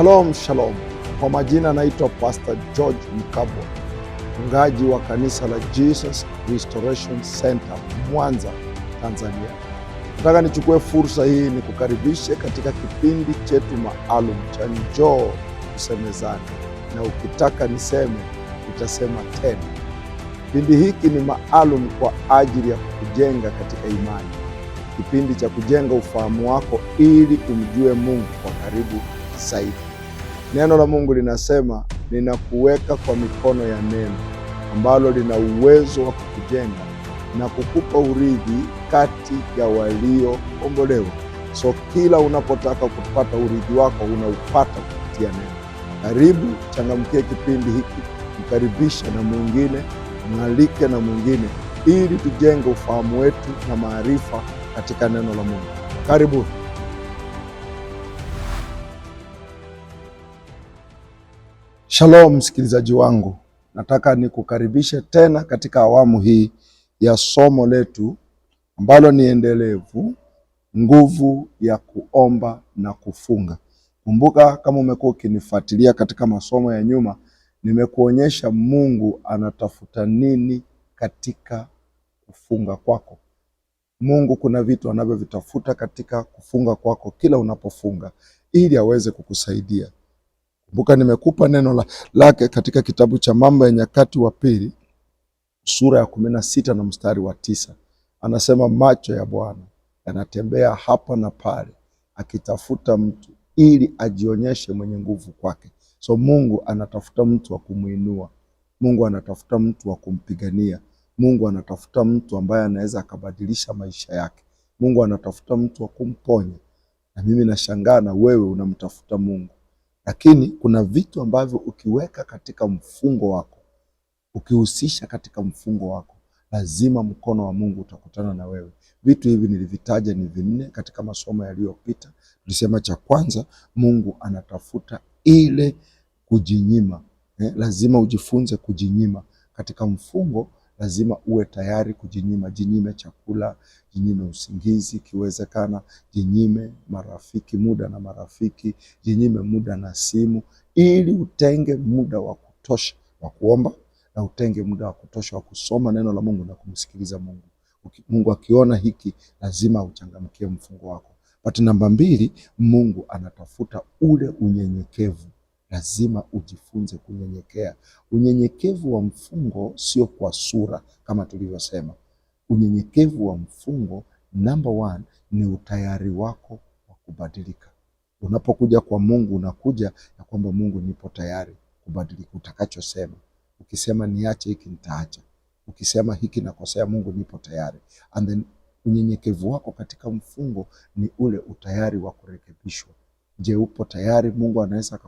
Shalom shalom, kwa majina naitwa Pastor George Mkabwa, mchungaji wa kanisa la Jesus Restoration Center Mwanza, Tanzania. Nataka nichukue fursa hii nikukaribishe katika kipindi chetu maalum cha Njoo Tusemezane, na ukitaka niseme nitasema tena. Kipindi hiki ni maalum kwa ajili ya kujenga katika imani, kipindi cha kujenga ufahamu wako ili umjue Mungu kwa karibu zaidi. Neno la Mungu linasema ninakuweka kwa mikono ya neno ambalo lina uwezo wa kukujenga na kukupa urithi kati ya waliokombolewa. So kila unapotaka kupata urithi wako unaupata kupitia neno. Karibu, changamkie kipindi hiki, mkaribisha na mwingine, mwalike na mwingine, ili tujenge ufahamu wetu na maarifa katika neno la Mungu. Karibuni. Shalom msikilizaji wangu, nataka nikukaribishe tena katika awamu hii ya somo letu ambalo ni endelevu, nguvu ya kuomba na kufunga. Kumbuka, kama umekuwa ukinifuatilia katika masomo ya nyuma, nimekuonyesha Mungu anatafuta nini katika kufunga kwako. Mungu kuna vitu anavyovitafuta katika kufunga kwako kila unapofunga, ili aweze kukusaidia Kumbuka nimekupa neno la, lake katika kitabu cha Mambo ya Nyakati wa Pili sura ya kumi na sita na mstari wa tisa anasema, macho ya Bwana yanatembea hapa na pale akitafuta mtu ili ajionyeshe mwenye nguvu kwake. So Mungu anatafuta mtu wa kumwinua, Mungu anatafuta mtu wa kumpigania, Mungu anatafuta mtu ambaye anaweza akabadilisha maisha yake, Mungu anatafuta mtu wa kumponya. Na mimi nashangaa na wewe unamtafuta Mungu. Lakini kuna vitu ambavyo ukiweka katika mfungo wako, ukihusisha katika mfungo wako, lazima mkono wa Mungu utakutana na wewe. Vitu hivi nilivitaja ni vinne katika masomo yaliyopita. Tulisema cha kwanza, Mungu anatafuta ile kujinyima eh, lazima ujifunze kujinyima katika mfungo lazima uwe tayari kujinyima. Jinyime chakula, jinyime usingizi ikiwezekana, jinyime marafiki, muda na marafiki, jinyime muda na simu, ili utenge muda wa kutosha wa kuomba na utenge muda wa kutosha wa kusoma neno la Mungu na kumsikiliza Mungu. Mungu akiona hiki, lazima uchangamkie mfungo wako. Pati namba mbili, Mungu anatafuta ule unyenyekevu lazima ujifunze kunyenyekea. Unyenyekevu wa mfungo sio kwa sura kama tulivyosema. Unyenyekevu wa mfungo number one ni utayari wako wa kubadilika. Unapokuja kwa Mungu unakuja na kwamba Mungu, nipo tayari kubadilika. Utakachosema, ukisema niache hiki, nitaacha. Ukisema hiki nakosea, Mungu nipo tayari. And then unyenyekevu wako katika mfungo ni ule utayari wa kurekebishwa. Je, upo tayari? Mungu anaweza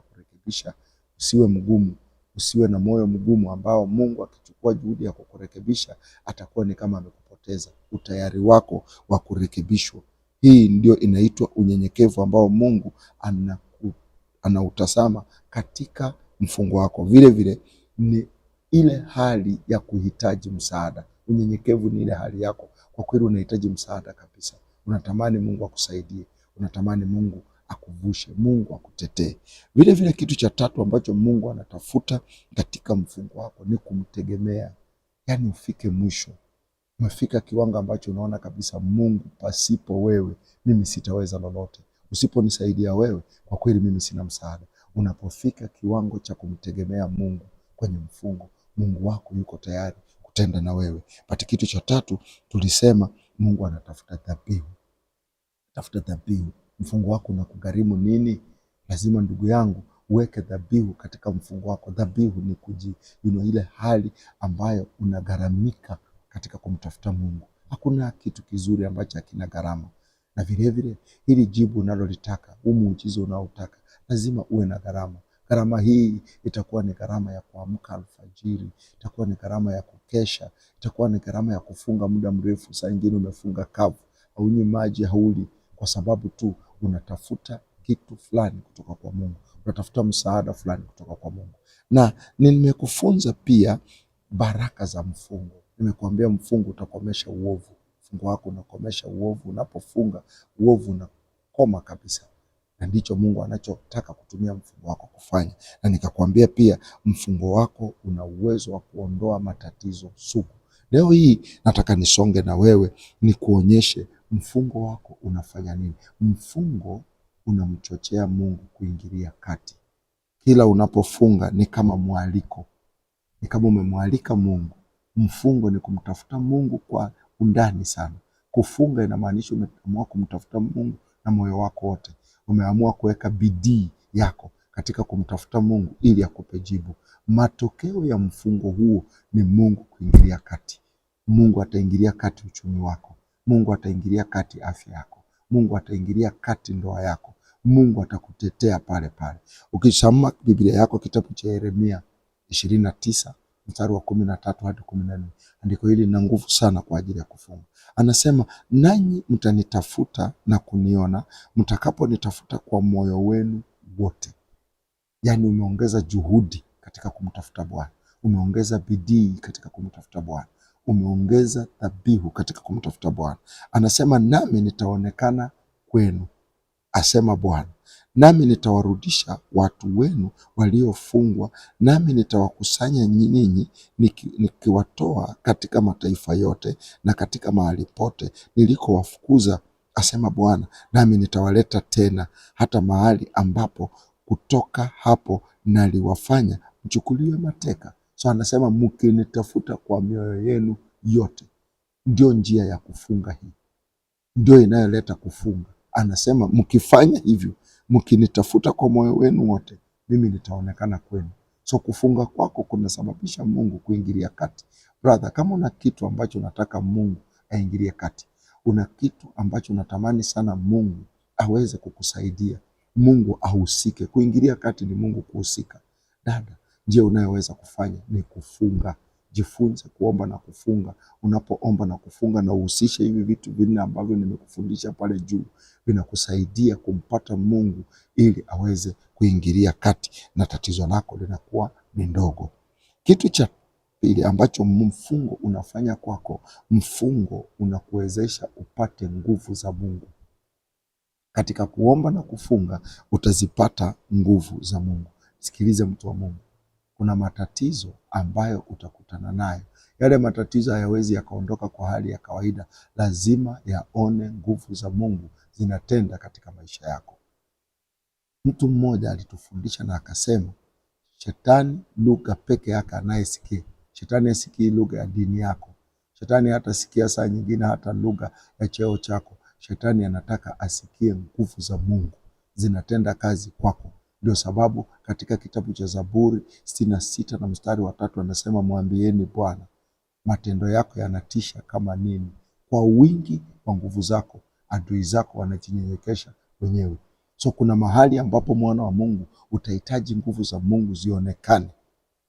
kukurekebisha, usiwe mgumu, usiwe na moyo mgumu ambao Mungu akichukua juhudi ya kukurekebisha atakuwa ni kama amekupoteza utayari wako wa kurekebishwa. Hii ndio inaitwa unyenyekevu ambao Mungu anaku, anautasama katika mfungo wako. Vile vile ni ile hali ya kuhitaji msaada. Unyenyekevu ni ile hali yako, kwa kweli unahitaji msaada kabisa, unatamani Mungu akusaidie, unatamani Mungu akuvushe, Mungu akutetee. Vile vile kitu cha tatu ambacho Mungu anatafuta katika mfungo wako ni kumtegemea, yani ufike mwisho, umefika kiwango ambacho unaona kabisa, Mungu, pasipo wewe mimi sitaweza lolote, usiponisaidia wewe, kwa kweli mimi sina msaada. Unapofika kiwango cha kumtegemea Mungu kwenye mfungo, Mungu wako yuko tayari kutenda na wewe. Pati kitu cha tatu tulisema Mungu anatafuta dhabihu, tafuta dhabihu mfungo wako unakugharimu nini? Lazima ndugu yangu uweke dhabihu katika mfungo wako. Dhabihu ni kuji you know, ile hali ambayo unagharamika katika kumtafuta Mungu. Hakuna kitu kizuri ambacho hakina gharama. Na vilevile hili jibu unalolitaka, huu muujizo unaotaka, lazima uwe na gharama. Gharama hii itakuwa ni gharama ya kuamka alfajiri, itakuwa ni gharama ya kukesha, itakuwa ni gharama ya kufunga muda mrefu. Saa ingine umefunga kavu, haunywi maji, hauli kwa sababu tu unatafuta kitu fulani kutoka kwa Mungu, unatafuta msaada fulani kutoka kwa Mungu. Na nimekufunza pia baraka za mfungo. Nimekuambia mfungo utakomesha uovu, mfungo wako unakomesha uovu. Unapofunga uovu unakoma kabisa, na ndicho Mungu anachotaka kutumia mfungo wako kufanya. Na nikakwambia pia mfungo wako una uwezo wa kuondoa matatizo sugu Leo hii nataka nisonge na wewe nikuonyeshe mfungo wako unafanya nini. Mfungo unamchochea Mungu kuingilia kati. Kila unapofunga ni kama mwaliko, ni kama umemwalika Mungu. Mfungo ni kumtafuta Mungu kwa undani sana. Kufunga inamaanisha umeamua kumtafuta Mungu na moyo wako wote, umeamua kuweka bidii yako katika kumtafuta Mungu ili akupe jibu. Matokeo ya mfungo huo ni Mungu kuingilia kati. Mungu ataingilia kati uchumi wako, Mungu ataingilia kati afya yako, Mungu ataingilia kati ndoa yako, Mungu atakutetea pale pale. Ukisoma Biblia yako kitabu cha Yeremia ishirini na tisa mstari wa kumi na tatu hadi kumi na nne andiko hili lina nguvu sana kwa ajili ya kufunga. Anasema, nanyi mtanitafuta na kuniona mtakaponitafuta kwa moyo wenu wote. Yaani umeongeza juhudi katika kumtafuta Bwana, umeongeza bidii katika kumtafuta Bwana umeongeza dhabihu katika kumtafuta Bwana. Anasema nami nitaonekana kwenu, asema Bwana, nami nitawarudisha watu wenu waliofungwa, nami nitawakusanya ninyi nikiwatoa katika mataifa yote na katika mahali pote nilikowafukuza, asema Bwana, nami nitawaleta tena hata mahali ambapo kutoka hapo naliwafanya mchukuliwe mateka. So anasema mkinitafuta kwa mioyo yenu yote, ndio njia ya kufunga hii, ndio inayoleta kufunga. Anasema mkifanya hivyo, mkinitafuta kwa moyo wenu wote, mimi nitaonekana kwenu. So kufunga kwako kunasababisha Mungu kuingilia kati. Brother, kama una kitu ambacho unataka Mungu aingilie kati, una kitu ambacho unatamani sana Mungu aweze kukusaidia, Mungu ahusike. Kuingilia kati ni Mungu kuhusika. Dada, njia unayoweza kufanya ni kufunga. Jifunze kuomba na kufunga. Unapoomba na kufunga, na uhusishe hivi vitu vinne ambavyo nimekufundisha pale juu, vinakusaidia kumpata Mungu ili aweze kuingilia kati na tatizo lako linakuwa ni ndogo. Kitu cha pili ambacho mfungo unafanya kwako, mfungo unakuwezesha upate nguvu za Mungu. Katika kuomba na kufunga utazipata nguvu za Mungu. Sikiliza mtu wa Mungu kuna matatizo ambayo utakutana nayo. Yale matatizo hayawezi yakaondoka kwa hali ya kawaida, lazima yaone nguvu za Mungu zinatenda katika maisha yako. Mtu mmoja alitufundisha na akasema, shetani lugha peke yake anayesikia. Shetani asikii lugha ya dini yako, shetani hata sikia saa nyingine hata lugha ya cheo chako. Shetani anataka asikie nguvu za Mungu zinatenda kazi kwako. Ndio sababu katika kitabu cha Zaburi sitini na sita na mstari wa tatu anasema, mwambieni Bwana matendo yako yanatisha kama nini, kwa wingi wa nguvu zako adui zako wanajinyenyekesha wenyewe. So kuna mahali ambapo mwana wa Mungu utahitaji nguvu za Mungu zionekane,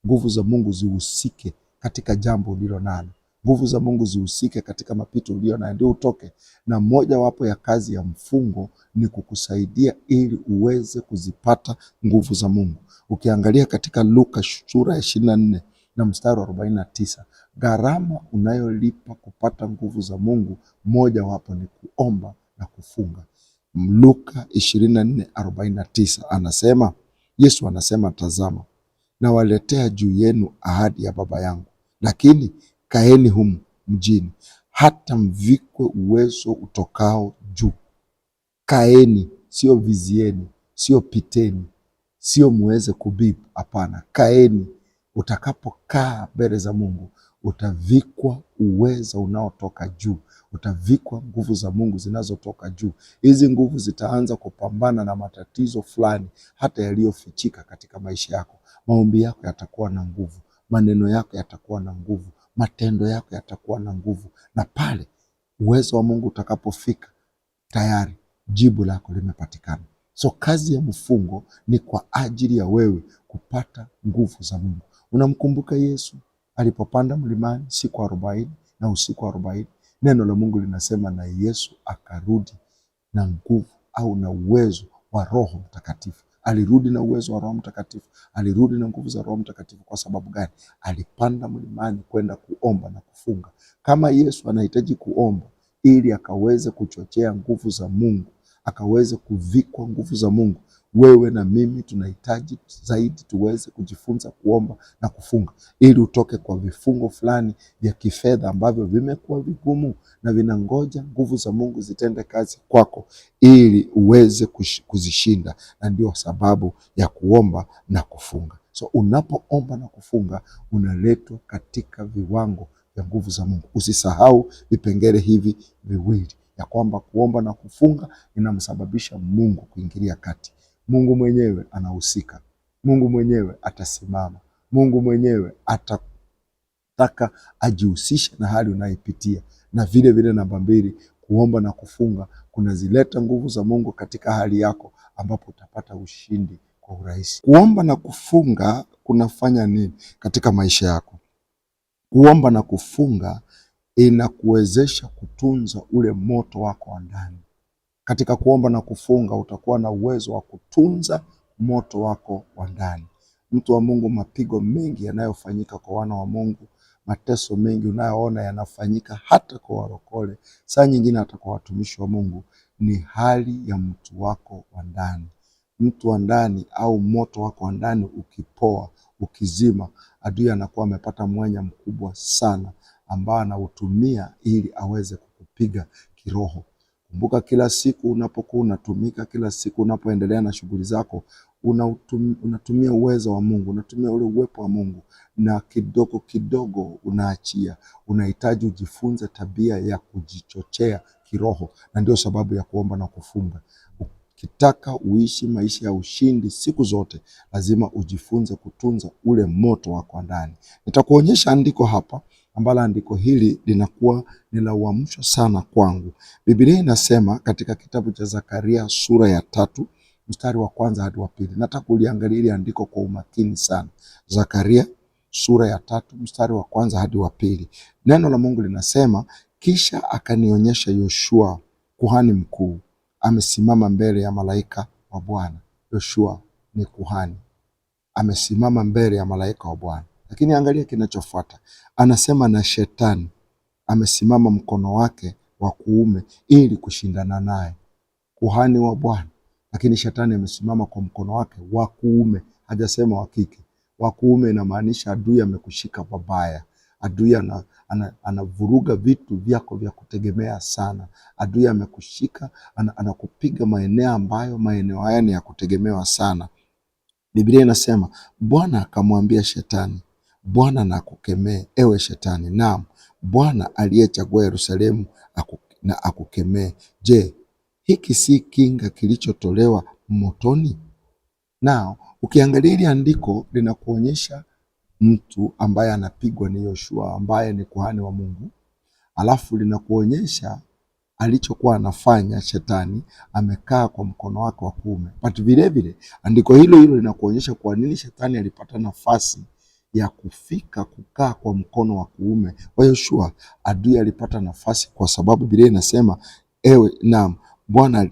nguvu za Mungu zihusike katika jambo ulilo nalo. Nguvu za Mungu zihusike katika mapito ulio nayo, ndio utoke. Na moja wapo ya kazi ya mfungo ni kukusaidia ili uweze kuzipata nguvu za Mungu. Ukiangalia katika Luka sura ya ishirini na nne na mstari wa arobaini na tisa gharama unayolipa kupata nguvu za Mungu moja wapo ni kuomba na kufunga. Luka ishirini na nne arobaini na tisa anasema Yesu anasema, tazama nawaletea juu yenu ahadi ya Baba yangu, lakini kaeni humu mjini hata mvikwe uwezo utokao juu. Kaeni, sio vizieni, sio piteni, sio muweze kubibu. Hapana, kaeni. Utakapokaa mbele za Mungu utavikwa uwezo unaotoka juu, utavikwa nguvu za Mungu zinazotoka juu. Hizi nguvu zitaanza kupambana na matatizo fulani, hata yaliyofichika katika maisha yako. Maombi yako yatakuwa na nguvu, maneno yako yatakuwa na nguvu, matendo yako yatakuwa na nguvu, na pale uwezo wa Mungu utakapofika tayari jibu lako limepatikana. So kazi ya mfungo ni kwa ajili ya wewe kupata nguvu za Mungu. Unamkumbuka Yesu alipopanda mlimani siku arobaini na usiku arobaini. Neno la Mungu linasema na Yesu akarudi na nguvu au na uwezo wa Roho Mtakatifu. Alirudi na uwezo wa Roho Mtakatifu, alirudi na nguvu za Roho Mtakatifu. Kwa sababu gani? Alipanda mlimani kwenda kuomba na kufunga. Kama Yesu anahitaji kuomba ili akaweze kuchochea nguvu za Mungu, akaweze kuvikwa nguvu za Mungu, wewe na mimi tunahitaji zaidi tuweze kujifunza kuomba na kufunga, ili utoke kwa vifungo fulani vya kifedha ambavyo vimekuwa vigumu na vinangoja nguvu za Mungu zitende kazi kwako, ili uweze kuzishinda. Na ndio sababu ya kuomba na kufunga. So unapoomba na kufunga, unaletwa katika viwango vya nguvu za Mungu. Usisahau vipengele hivi viwili ya kwamba kuomba na kufunga inamsababisha Mungu kuingilia kati. Mungu mwenyewe anahusika, Mungu mwenyewe atasimama, Mungu mwenyewe atataka ajihusishe na hali unayoipitia. Na vile vile, namba mbili, kuomba na kufunga kunazileta nguvu za Mungu katika hali yako, ambapo utapata ushindi kwa urahisi. Kuomba na kufunga kunafanya nini katika maisha yako? Kuomba na kufunga inakuwezesha kutunza ule moto wako wa ndani. Katika kuomba na kufunga utakuwa na uwezo wa kutunza moto wako wa ndani. Mtu wa Mungu, mapigo mengi yanayofanyika kwa wana wa Mungu, mateso mengi unayoona yanafanyika hata kwa warokole, saa nyingine hata kwa watumishi wa Mungu, ni hali ya mtu wako wa ndani. Mtu wa ndani au moto wako wa ndani ukipoa, ukizima, adui anakuwa amepata mwanya mkubwa sana ambao anautumia ili aweze kukupiga kiroho. Kumbuka kila siku unapokuwa unatumika, kila siku unapoendelea na shughuli zako, unatumia uwezo wa Mungu, unatumia ule uwepo wa Mungu, na kidogo kidogo unaachia. Unahitaji ujifunze tabia ya kujichochea kiroho, na ndio sababu ya kuomba na kufunga. Ukitaka uishi maisha ya ushindi siku zote, lazima ujifunze kutunza ule moto wako ndani. Nitakuonyesha andiko hapa ambalo andiko hili linakuwa ni la uamsho sana kwangu. Biblia inasema katika kitabu cha Zakaria sura ya tatu mstari wa kwanza hadi wa pili. Nataka uliangalia ile andiko kwa umakini sana. Zakaria sura ya tatu mstari wa kwanza hadi wa pili. Neno la Mungu linasema, kisha akanionyesha Yoshua kuhani mkuu amesimama mbele ya malaika wa Bwana. Yoshua ni kuhani, amesimama mbele ya malaika wa Bwana. Lakini angalia kinachofuata, anasema na shetani amesimama mkono wake wa kuume ili kushindana naye, kuhani wa Bwana. Lakini shetani amesimama kwa mkono wake wa kuume, hajasema wa kike. Wa kuume inamaanisha adui amekushika babaya adui anavuruga ana, ana vitu vyako vya kutegemea sana. Adui amekushika anakupiga ana maeneo ambayo maeneo haya ni ya kutegemewa sana. Biblia inasema Bwana akamwambia shetani Bwana na akukemee, ewe Shetani. Naam, Bwana aliyechagua Yerusalemu na akukemee. Je, hiki si kinga kilichotolewa motoni? Nao ukiangalia hili andiko linakuonyesha mtu ambaye anapigwa ni Yoshua ambaye ni kuhani wa Mungu, alafu linakuonyesha alichokuwa anafanya Shetani, amekaa kwa mkono wake wa kuume. But vilevile andiko hilo hilo linakuonyesha kwa nini Shetani alipata nafasi ya kufika kukaa kwa mkono wa kuume wa Yoshua. Adui alipata nafasi kwa sababu Biblia inasema ewe naam Bwana.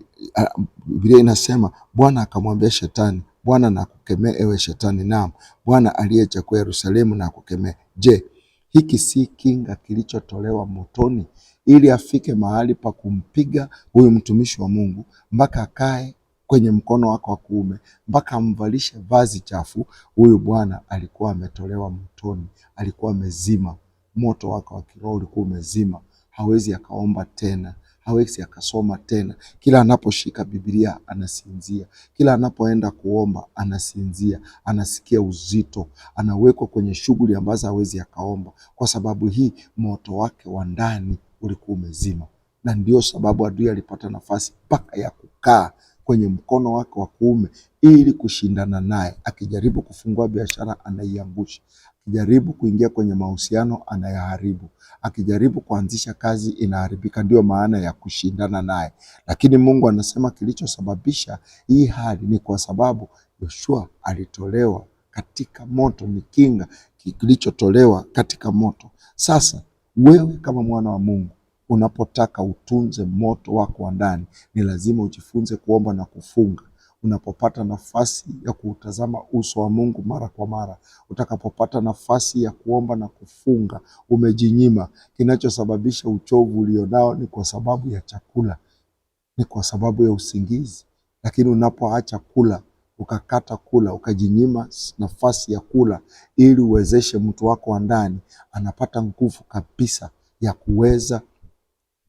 Biblia inasema Bwana akamwambia Shetani, Bwana nakukemea ewe Shetani, naam Bwana aliyechakua Yerusalemu na akukemea Je, hiki si kinga kilichotolewa motoni ili afike mahali pa kumpiga huyu mtumishi wa Mungu mpaka akae kwenye mkono wako wa kuume mpaka amvalishe vazi chafu. Huyu bwana alikuwa ametolewa motoni alikuwa amezima moto wako wa kiroho ulikuwa umezima. Hawezi akaomba tena, hawezi akasoma tena. Kila anaposhika Biblia anasinzia, kila anapoenda kuomba anasinzia, anasikia uzito, anawekwa kwenye shughuli ambazo hawezi akaomba, kwa sababu hii moto wake wa ndani ulikuwa umezima, na ndio sababu adui alipata nafasi mpaka ya kukaa kwenye mkono wake wa kuume ili kushindana naye. Akijaribu kufungua biashara, anaiangusha. Akijaribu kuingia kwenye mahusiano, anayaharibu. Akijaribu kuanzisha kazi, inaharibika. Ndiyo maana ya kushindana naye. Lakini Mungu anasema kilichosababisha hii hali ni kwa sababu Yoshua alitolewa katika moto, ni kinga kilichotolewa katika moto. Sasa wewe kama mwana wa Mungu Unapotaka utunze moto wako wa ndani, ni lazima ujifunze kuomba na kufunga. Unapopata nafasi ya kuutazama uso wa Mungu mara kwa mara, utakapopata nafasi ya kuomba na kufunga, umejinyima. Kinachosababisha uchovu ulionao ni kwa sababu ya chakula, ni kwa sababu ya usingizi. Lakini unapoacha kula ukakata kula ukajinyima nafasi ya kula, ili uwezeshe mtu wako wa ndani, anapata nguvu kabisa ya kuweza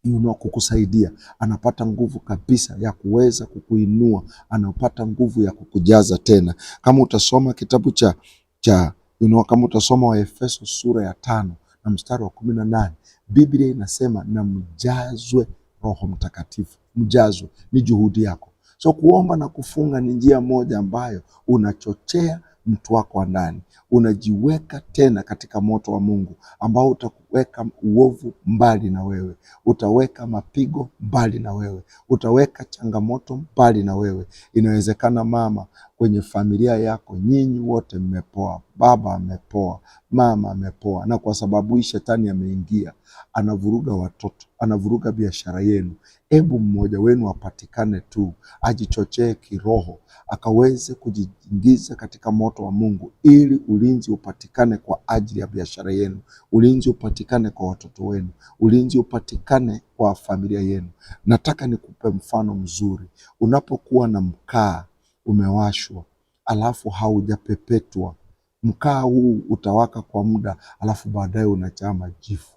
nyuma kukusaidia, anapata nguvu kabisa ya kuweza kukuinua, anapata nguvu ya kukujaza tena. Kama utasoma kitabu cha, cha you know, kama utasoma Waefeso sura ya tano na mstari wa kumi na nane Biblia inasema na mjazwe Roho Mtakatifu. Mjazwe ni juhudi yako, so kuomba na kufunga ni njia moja ambayo unachochea mtu wako wa ndani, unajiweka tena katika moto wa Mungu ambao utakuweka uovu mbali na wewe, utaweka mapigo mbali na wewe, utaweka changamoto mbali na wewe. Inawezekana mama, kwenye familia yako nyinyi wote mmepoa, baba amepoa, mama amepoa, na kwa sababu hii shetani ameingia, anavuruga watoto, anavuruga biashara yenu, Hebu mmoja wenu apatikane tu, ajichochee kiroho, akaweze kujiingiza katika moto wa Mungu, ili ulinzi upatikane kwa ajili ya biashara yenu, ulinzi upatikane kwa watoto wenu, ulinzi upatikane kwa familia yenu. Nataka nikupe mfano mzuri. Unapokuwa na mkaa umewashwa, alafu haujapepetwa, mkaa huu utawaka kwa muda, alafu baadaye unachama majivu.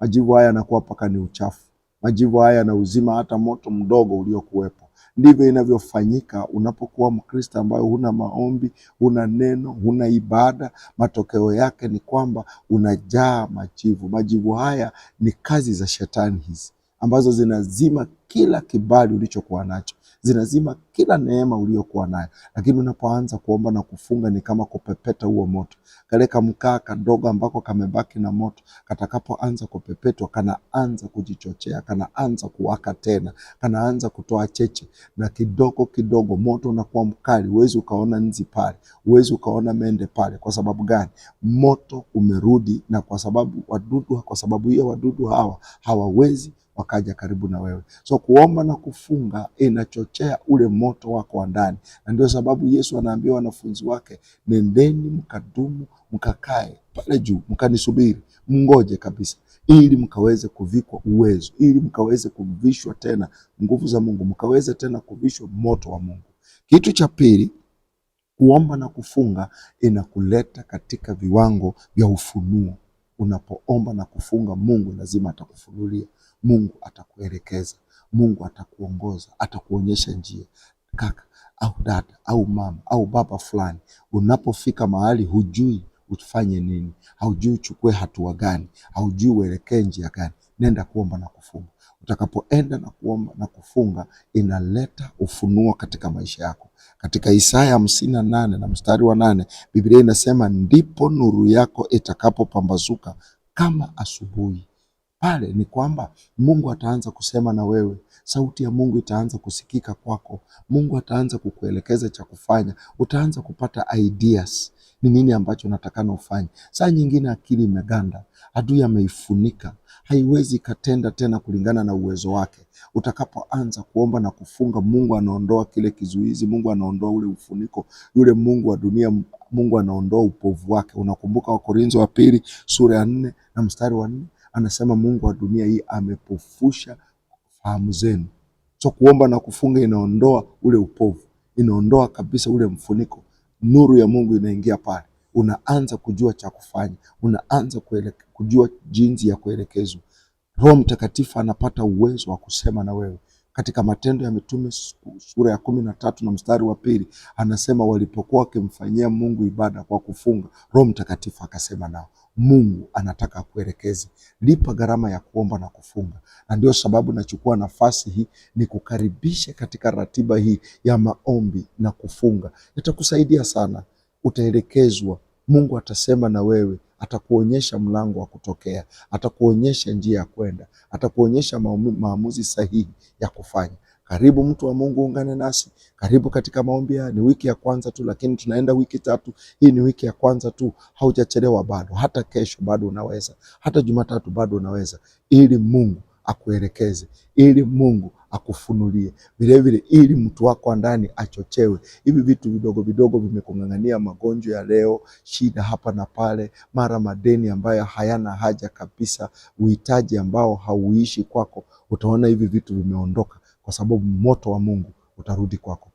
Majivu haya yanakuwa mpaka ni uchafu majivu haya yanauzima hata moto mdogo uliokuwepo. Ndivyo inavyofanyika unapokuwa Mkristo ambayo huna maombi, huna neno, huna ibada. Matokeo yake ni kwamba unajaa majivu. Majivu haya ni kazi za shetani hizi ambazo zinazima kila kibali ulichokuwa nacho zinazima kila neema uliyokuwa nayo. Lakini unapoanza kuomba na kufunga, ni kama kupepeta huo moto. Kale kamkaa kadogo ambako kamebaki na moto, katakapoanza kupepetwa, kanaanza kujichochea, kanaanza kuwaka tena, kanaanza kutoa cheche, na kidogo kidogo moto unakuwa mkali. Huwezi ukaona nzi pale, huwezi ukaona mende pale. Kwa sababu gani? Moto umerudi, na kwa sababu wadudu, kwa sababu hiyo wadudu hawa hawawezi wakaja karibu na wewe. So kuomba na kufunga inachochea ule moto wako wa ndani, na ndio sababu Yesu anaambia wanafunzi wake, nendeni mkadumu, mkakae pale juu, mkanisubiri, mngoje kabisa, ili mkaweze kuvikwa uwezo, ili mkaweze kuvishwa tena nguvu za Mungu, mkaweze tena kuvishwa moto wa Mungu. Kitu cha pili kuomba na kufunga inakuleta katika viwango vya ufunuo. Unapoomba na kufunga, Mungu lazima atakufunulia. Mungu atakuelekeza, Mungu atakuongoza, atakuonyesha njia. Kaka au dada au mama au baba fulani, unapofika mahali hujui ufanye nini, haujui uchukue hatua gani, haujui uelekee njia gani, nenda kuomba na kufunga. Utakapoenda na kuomba na kufunga, inaleta ufunuo katika maisha yako. Katika Isaya hamsini na nane na mstari wa nane Biblia inasema ndipo nuru yako itakapopambazuka kama asubuhi pale ni kwamba Mungu ataanza kusema na wewe, sauti ya Mungu itaanza kusikika kwako. Mungu ataanza kukuelekeza cha kufanya, utaanza kupata ideas ni nini ambacho natakana ufanye. Saa nyingine akili imeganda, adui ameifunika, haiwezi ikatenda tena kulingana na uwezo wake. Utakapoanza kuomba na kufunga, Mungu anaondoa kile kizuizi, Mungu anaondoa ule ufuniko, yule Mungu wa dunia, Mungu anaondoa upovu wake. Unakumbuka Wakorintho wa pili sura ya nne na mstari wa nne anasema Mungu wa dunia hii amepofusha fahamu zenu. So kuomba na kufunga inaondoa ule upovu, inaondoa kabisa ule mfuniko. Nuru ya Mungu inaingia pale, unaanza kujua cha kufanya, unaanza kujua jinsi ya kuelekezwa. Roho Mtakatifu anapata uwezo wa kusema na wewe. Katika Matendo ya Mitume sura ya kumi na tatu na mstari wa pili anasema walipokuwa wakimfanyia Mungu ibada kwa kufunga, Roho Mtakatifu akasema nao. Mungu anataka akuelekeze. Lipa gharama ya kuomba na kufunga, na ndio sababu nachukua nafasi hii ni kukaribisha katika ratiba hii ya maombi na kufunga. Itakusaidia sana, utaelekezwa. Mungu atasema na wewe, atakuonyesha mlango wa kutokea, atakuonyesha njia ya kwenda, atakuonyesha maamuzi sahihi ya kufanya. Karibu mtu wa Mungu, ungane nasi, karibu katika maombi haya. Ni wiki ya kwanza tu, lakini tunaenda wiki tatu. Hii ni wiki ya kwanza tu, haujachelewa bado. Hata kesho bado unaweza, hata Jumatatu bado unaweza, ili Mungu akuelekeze, ili Mungu akufunulie vilevile, ili mtu wako ndani achochewe. Hivi vitu vidogo vidogo vimekung'ang'ania, magonjwa ya leo, shida hapa na pale, mara madeni ambayo hayana haja kabisa, uhitaji ambao hauishi kwako, utaona hivi vitu vimeondoka kwa sababu moto wa Mungu utarudi kwako.